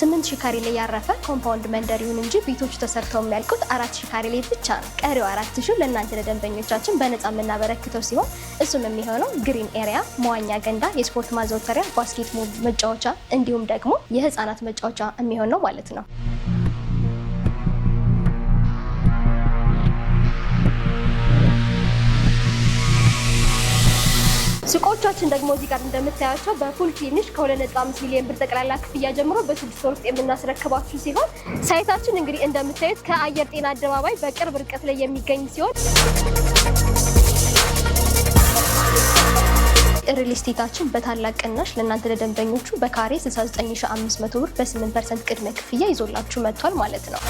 ስምንት ሺ ካሬ ላይ ያረፈ ኮምፓውንድ መንደር ይሁን እንጂ ቤቶቹ ተሰርተው የሚያልቁት አራት ሺ ካሬ ላይ ብቻ ነው። ቀሪው አራት ሺ ለእናንተ ለደንበኞቻችን በነጻ የምናበረክተው ሲሆን እሱም የሚሆነው ግሪን ኤሪያ፣ መዋኛ ገንዳ፣ የስፖርት ማዘውተሪያ፣ ባስኬት መጫወቻ እንዲሁም ደግሞ የህፃናት መጫወቻ የሚሆን ነው ማለት ነው። ሱቆቻችን ደግሞ እዚህ ጋር እንደምታያቸው በፉል ፊኒሽ ከ2.5 ሚሊዮን ብር ጠቅላላ ክፍያ ጀምሮ በስድስት ወር ውስጥ የምናስረክባችሁ ሲሆን ሳይታችን እንግዲህ እንደምታዩት ከአየር ጤና አደባባይ በቅርብ ርቀት ላይ የሚገኝ ሲሆን ሪል ስቴታችን በታላቅ ቅናሽ ለእናንተ ለደንበኞቹ በካሬ 69500 ብር በ8 ፐርሰንት ቅድመ ክፍያ ይዞላችሁ መጥቷል ማለት ነው።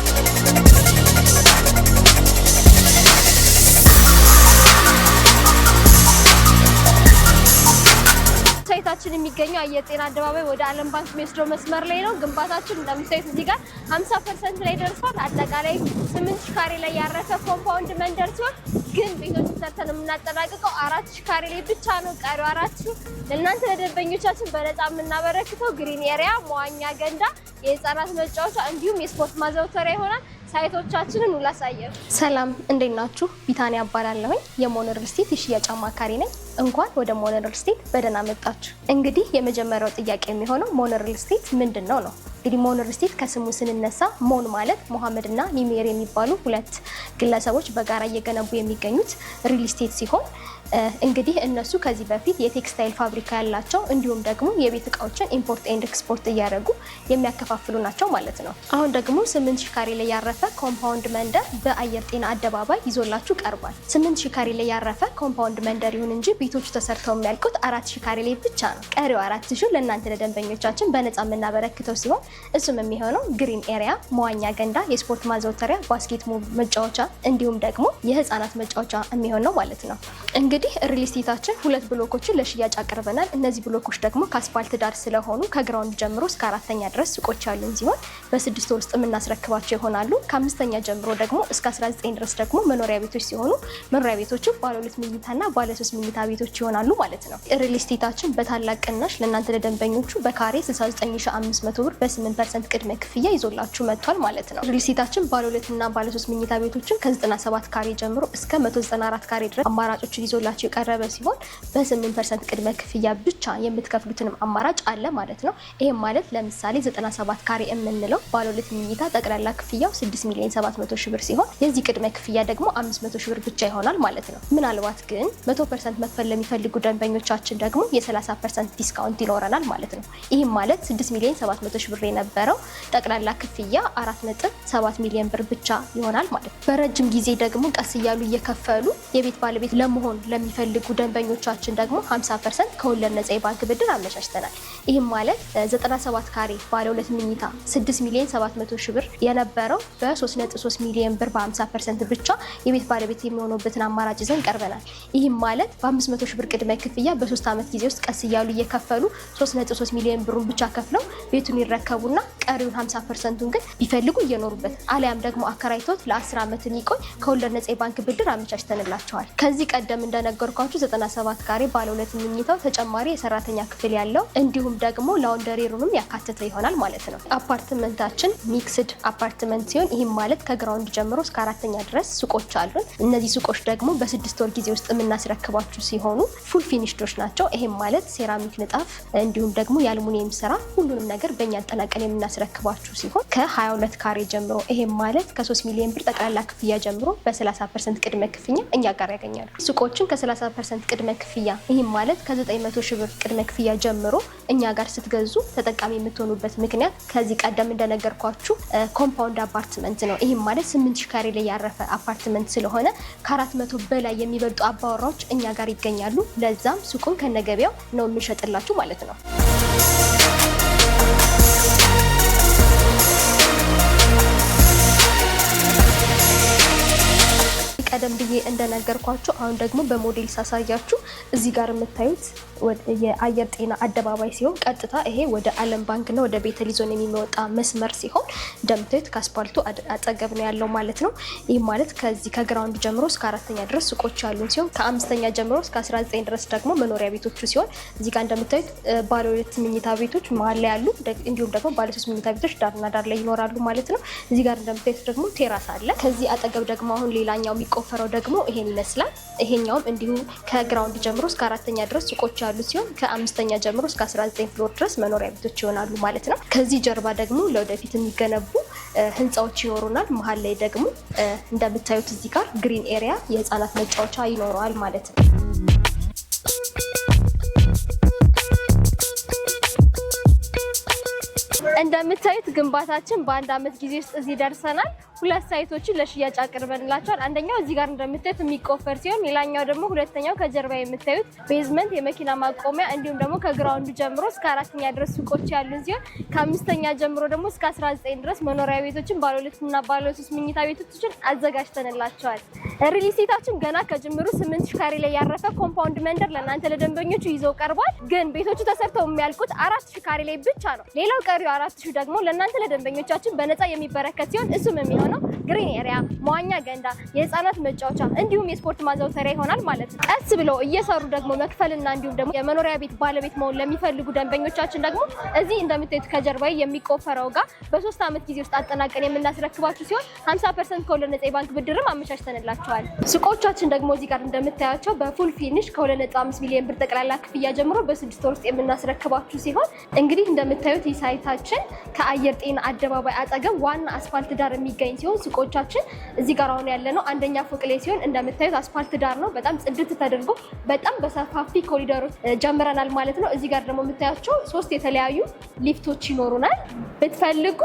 ቤታችን የሚገኘው አየር ጤና አደባባይ ወደ ዓለም ባንክ የሚወስደው መስመር ላይ ነው። ግንባታችን እንደምታዩት እዚህ ጋር 50 ፐርሰንት ላይ ደርሷል። አጠቃላይ ስምንት ሺህ ካሬ ላይ ያረፈ ኮምፓውንድ መንደር ሲሆን ግን ቤቶችን ሰርተን የምናጠናቅቀው አራት ሺህ ካሬ ላይ ብቻ ነው። ቀሪ አራት ለእናንተ ለደንበኞቻችን በነፃ የምናበረክተው ግሪን ኤሪያ፣ መዋኛ ገንዳ፣ የህፃናት መጫወቻ እንዲሁም የስፖርት ማዘውተሪያ ይሆናል። ሳይቶቻችንን ሁሉ ሰላም እንዴት ናችሁ? ቢታንያ እባላለሁኝ የሞን ሪል ስቴት የሽያጭ አማካሪ ነኝ። እንኳን ወደ ሞን ሪል ስቴት በደህና መጣችሁ። እንግዲህ የመጀመሪያው ጥያቄ የሚሆነው ሞን ሪል ስቴት ምንድን ነው ነው እንግዲህ ሞኖሪስቲክ ከስሙ ስንነሳ ሞን ማለት ሞሐመድ እና ኒሜር የሚባሉ ሁለት ግለሰቦች በጋራ እየገነቡ የሚገኙት ሪል ስቴት ሲሆን እንግዲህ እነሱ ከዚህ በፊት የቴክስታይል ፋብሪካ ያላቸው እንዲሁም ደግሞ የቤት እቃዎችን ኢምፖርት ኤንድ ኤክስፖርት እያደረጉ የሚያከፋፍሉ ናቸው ማለት ነው። አሁን ደግሞ ስምንት ሽካሪ ካሬ ላይ ያረፈ ኮምፓውንድ መንደር በአየር ጤና አደባባይ ይዞላችሁ ቀርቧል። ስምንት ሺህ ካሬ ላይ ያረፈ ኮምፓውንድ መንደር ይሁን እንጂ ቤቶቹ ተሰርተው የሚያልቁት አራት ሺህ ካሬ ላይ ብቻ ነው። ቀሪው አራት ሺህ ለእናንተ ለደንበኞቻችን በነፃ የምናበረክተው ሲሆን እሱም የሚሆነው ግሪን ኤሪያ፣ መዋኛ ገንዳ፣ የስፖርት ማዘውተሪያ፣ ባስኬት መጫወቻ እንዲሁም ደግሞ የህፃናት መጫወቻ የሚሆን ነው ማለት ነው። እንግዲህ ሪል ሁለት ብሎኮችን ለሽያጭ አቅርበናል። እነዚህ ብሎኮች ደግሞ ከአስፋልት ዳር ስለሆኑ ከግራውንድ ጀምሮ እስከ አራተኛ ድረስ ሱቆች ያሉን ሲሆን በስድስት ወር ውስጥ የምናስረክባቸው ይሆናሉ። ከአምስተኛ ጀምሮ ደግሞ እስከ 19 ድረስ ደግሞ መኖሪያ ቤቶች ሲሆኑ መኖሪያ ቤቶቹ ባለ ሁለት ምኝታና ባለ ሶስት ምኝታ ቤቶች ይሆናሉ ማለት ነው። ሪል በታላቅ ቅናሽ ለእናንተ ለደንበኞቹ በካሬ 69500 ብር ስምንት ፐርሰንት ቅድመ ክፍያ ይዞላችሁ መጥቷል ማለት ነው። ሪልስቴታችን ባለ እና ባለ ሶስት መኝታ ቤቶችን ከ97 ካሬ ጀምሮ እስከ 194 ካሬ ድረስ አማራጮችን ይዞላችሁ የቀረበ ሲሆን በ8 ፐርሰንት ቅድመ ክፍያ ብቻ የምትከፍሉትንም አማራጭ አለ ማለት ነው። ይህም ማለት ለምሳሌ 97 ካሬ የምንለው ባለ ሁለት መኝታ ጠቅላላ ክፍያው 6 ሚሊዮን 700 ሺህ ብር ሲሆን የዚህ ቅድመ ክፍያ ደግሞ 500 ሺህ ብር ብቻ ይሆናል ማለት ነው። ምናልባት ግን 100 ፐርሰንት መክፈል ለሚፈልጉ ደንበኞቻችን ደግሞ የ30 ፐርሰንት ዲስካውንት ይኖረናል ማለት ነው። ይህም ማለት 6 ሚሊዮን 700 ሺህ ብር የነበረው ጠቅላላ ክፍያ 4.7 ሚሊዮን ብር ብቻ ይሆናል ማለት ነው። በረጅም ጊዜ ደግሞ ቀስ እያሉ እየከፈሉ የቤት ባለቤት ለመሆን ለሚፈልጉ ደንበኞቻችን ደግሞ 50 ፐርሰንት ከወለድ ነጻ የባንክ ብድር አመቻችተናል። ይህም ማለት 97 ካሬ ባለ ሁለት መኝታ 6 ሚሊዮን 700 ሺህ ብር የነበረው በ3.3 ሚሊዮን ብር በ50 ፐርሰንት ብቻ የቤት ባለቤት የሚሆኑበትን አማራጭ ይዘን ቀርበናል። ይህም ማለት በ500 ሺህ ብር ቅድመ ክፍያ በሶስት ዓመት ጊዜ ውስጥ ቀስ እያሉ እየከፈሉ 3.3 ሚሊዮን ብሩን ብቻ ከፍለው ቤቱን ይረከቡ ይገቡና ቀሪውን 50 ፐርሰንቱን ግን ቢፈልጉ እየኖሩበት አሊያም ደግሞ አከራይቶት ለ10 ዓመት የሚቆይ ከወለድ ነጻ የባንክ ብድር አመቻችተንላቸዋል። ከዚህ ቀደም እንደነገርኳችሁ 97 ካሬ ባለ ሁለት መኝታው ተጨማሪ የሰራተኛ ክፍል ያለው እንዲሁም ደግሞ ላውንደሪ ሩምም ያካተተ ይሆናል ማለት ነው። አፓርትመንታችን ሚክስድ አፓርትመንት ሲሆን ይህም ማለት ከግራውንድ ጀምሮ እስከ አራተኛ ድረስ ሱቆች አሉን። እነዚህ ሱቆች ደግሞ በስድስት ወር ጊዜ ውስጥ የምናስረክባችሁ ሲሆኑ ፉል ፊኒሽዶች ናቸው። ይህም ማለት ሴራሚክ ንጣፍ፣ እንዲሁም ደግሞ የአልሙኒየም ስራ ሁሉንም ነገር በእኛ ቀን የምናስረክባችሁ ሲሆን ከ22 ካሬ ጀምሮ ይሄም ማለት ከ3 ሚሊዮን ብር ጠቅላላ ክፍያ ጀምሮ በ30 ፐርሰንት ቅድመ ክፍያ እኛ ጋር ያገኛሉ። ሱቆችን ከ30 ፐርሰንት ቅድመ ክፍያ ይህም ማለት ከ900 ሺህ ብር ቅድመ ክፍያ ጀምሮ እኛ ጋር ስትገዙ ተጠቃሚ የምትሆኑበት ምክንያት ከዚህ ቀደም እንደነገርኳችሁ ኮምፓውንድ አፓርትመንት ነው። ይህም ማለት 8 ካሬ ላይ ያረፈ አፓርትመንት ስለሆነ ከ400 በላይ የሚበልጡ አባወራዎች እኛ ጋር ይገኛሉ። ለዛም ሱቁን ከነገበያው ነው የምንሸጥላችሁ ማለት ነው። ቀደም ብዬ እንደነገርኳችሁ አሁን ደግሞ በሞዴል ሳሳያችሁ እዚህ ጋር የምታዩት የአየር ጤና አደባባይ ሲሆን ቀጥታ ይሄ ወደ ዓለም ባንክና ወደ ቤተ ሊዞን የሚወጣ መስመር ሲሆን እንደምታዩት ከአስፓልቱ አጠገብ ነው ያለው ማለት ነው። ይህ ማለት ከዚህ ከግራውንድ ጀምሮ እስከ አራተኛ ድረስ ሱቆች ያሉን ሲሆን ከአምስተኛ ጀምሮ እስከ 19 ድረስ ደግሞ መኖሪያ ቤቶቹ ሲሆን እዚህ ጋር እንደምታዩት ባለ ሁለት ምኝታ ቤቶች መሀል ላይ ያሉ እንዲሁም ደግሞ ባለ ሶስት ምኝታ ቤቶች ዳርና ዳር ላይ ይኖራሉ ማለት ነው። እዚህ ጋር እንደምታዩት ደግሞ ቴራስ አለ። ከዚህ አጠገብ ደግሞ አሁን ሌላኛው የሚቆ የተቆፈረው ደግሞ ይሄን ይመስላል። ይሄኛውም እንዲሁ ከግራውንድ ጀምሮ እስከ አራተኛ ድረስ ሱቆች ያሉ ሲሆን ከአምስተኛ ጀምሮ እስከ 19 ፍሎር ድረስ መኖሪያ ቤቶች ይሆናሉ ማለት ነው። ከዚህ ጀርባ ደግሞ ለወደፊት የሚገነቡ ህንፃዎች ይኖሩናል። መሀል ላይ ደግሞ እንደምታዩት እዚህ ጋር ግሪን ኤሪያ የህፃናት መጫወቻ ይኖረዋል ማለት ነው። እንደምታዩት ግንባታችን በአንድ አመት ጊዜ ውስጥ እዚህ ደርሰናል። ሁለት ሳይቶችን ለሽያጭ አቅርበንላቸዋል። አንደኛው እዚህ ጋር እንደምታዩት የሚቆፈር ሲሆን ሌላኛው ደግሞ ሁለተኛው ከጀርባ የምታዩት ቤዝመንት የመኪና ማቆሚያ እንዲሁም ደግሞ ከግራውንዱ ጀምሮ እስከ አራተኛ ድረስ ሱቆች ያሉን ሲሆን ከአምስተኛ ጀምሮ ደግሞ እስከ ዘጠኝ ድረስ መኖሪያ ቤቶችን ባለሁለትና ባለሶስት ምኝታ ቤቶችን አዘጋጅተንላቸዋል። ሪሊስቴታችን ገና ከጅምሩ ስምንት ሺህ ካሬ ላይ ያረፈ ኮምፓውንድ መንደር ለእናንተ ለደንበኞቹ ይዘው ቀርቧል። ግን ቤቶቹ ተሰርተው የሚያልቁት አራት ሺህ ካሬ ላይ ብቻ ነው። ሌላው ቀሪው አራት ሺህ ደግሞ ለእናንተ ለደንበኞቻችን በነፃ የሚበረከት ሲሆን እሱም የሚሆን የሚሆነው ግሪን ኤሪያ፣ መዋኛ ገንዳ፣ የህፃናት መጫወቻ እንዲሁም የስፖርት ማዘውተሪያ ይሆናል ማለት ነው። ቀስ ብለው እየሰሩ ደግሞ መክፈልና እንዲሁም ደግሞ የመኖሪያ ቤት ባለቤት መሆን ለሚፈልጉ ደንበኞቻችን ደግሞ እዚህ እንደምታዩት ከጀርባ የሚቆፈረው ጋር በሶስት ዓመት ጊዜ ውስጥ አጠናቀን የምናስረክባችሁ ሲሆን 50 ፐርሰንት ከወለድ ነጻ የባንክ ብድርም አመቻችተንላቸዋል። ሱቆቻችን ደግሞ እዚህ ጋር እንደምታያቸው በፉል ፊኒሽ ከ2.5 ሚሊዮን ብር ጠቅላላ ክፍያ ጀምሮ በስድስት ወር ውስጥ የምናስረክባችሁ ሲሆን እንግዲህ እንደምታዩት ይህ ሳይታችን ከአየር ጤና አደባባይ አጠገብ ዋና አስፋልት ዳር የሚገኝ ሲሆን ሱቆቻችን እዚህ ጋር አሁን ያለ ነው አንደኛ ፎቅ ላይ ሲሆን እንደምታዩት አስፋልት ዳር ነው። በጣም ጽድት ተደርጎ በጣም በሰፋፊ ኮሪደሮች ጀምረናል ማለት ነው። እዚህ ጋር ደግሞ የምታያቸው ሶስት የተለያዩ ሊፍቶች ይኖሩናል። ብትፈልጉ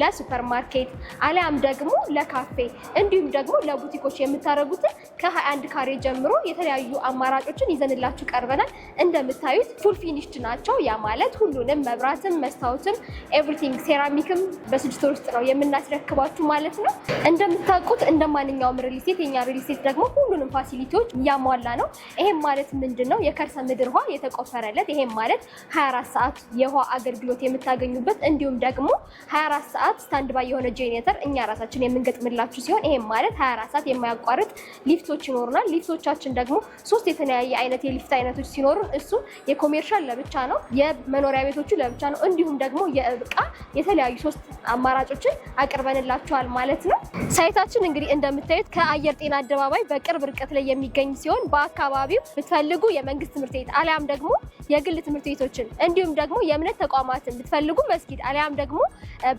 ለሱፐርማርኬት አሊያም ደግሞ ለካፌ እንዲሁም ደግሞ ለቡቲኮች የምታደርጉትን ከ21 ካሬ ጀምሮ የተለያዩ አማራጮችን ይዘንላችሁ ቀርበናል። እንደምታዩት ፉል ፊኒሽድ ናቸው። ያ ማለት ሁሉንም መብራትም፣ መስታወትም፣ ኤቭሪቲንግ ሴራሚክም በስድስት ወር ውስጥ ነው የምናስረክባችሁ ማለት ማለት ነው። እንደምታውቁት እንደ ማንኛውም ሪልስቴት የኛ ሪልስቴት ደግሞ ሁሉንም ፋሲሊቲዎች ያሟላ ነው። ይሄም ማለት ምንድን ነው? የከርሰ ምድር ውሃ የተቆፈረለት ይሄም ማለት 24 ሰዓት የውሃ አገልግሎት የምታገኙበት እንዲሁም ደግሞ 24 ሰዓት ስታንድ ባይ የሆነ ጄኔተር እኛ ራሳችን የምንገጥምላችሁ ሲሆን ይሄም ማለት 24 ሰዓት የማያቋርጥ ሊፍቶች ይኖሩናል። ሊፍቶቻችን ደግሞ ሶስት የተለያየ አይነት የሊፍት አይነቶች ሲኖሩ እሱ የኮሜርሻል ለብቻ ነው፣ የመኖሪያ ቤቶቹ ለብቻ ነው፣ እንዲሁም ደግሞ የእቃ የተለያዩ ሶስት አማራጮችን አቅርበንላችኋል ማለት ማለት ነው። ሳይታችን እንግዲህ እንደምታዩት ከአየር ጤና አደባባይ በቅርብ ርቀት ላይ የሚገኝ ሲሆን በአካባቢው ብትፈልጉ የመንግስት ትምህርት ቤት አሊያም ደግሞ የግል ትምህርት ቤቶችን እንዲሁም ደግሞ የእምነት ተቋማትን ብትፈልጉ መስጊድ አሊያም ደግሞ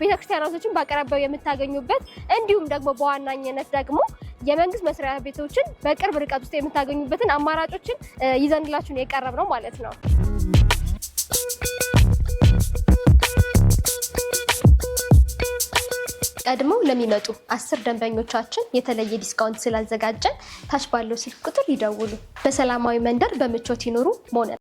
ቤተክርስቲያናቶችን በአቅራቢያው የምታገኙበት እንዲሁም ደግሞ በዋናኝነት ደግሞ የመንግስት መስሪያ ቤቶችን በቅርብ ርቀት ውስጥ የምታገኙበትን አማራጮችን ይዘንላችሁን የቀረብ ነው ማለት ነው። ቀድመው ለሚመጡ አስር ደንበኞቻችን የተለየ ዲስካውንት ስላዘጋጀን ታች ባለው ስልክ ቁጥር ይደውሉ። በሰላማዊ መንደር በምቾት ይኑሩ። ሞነ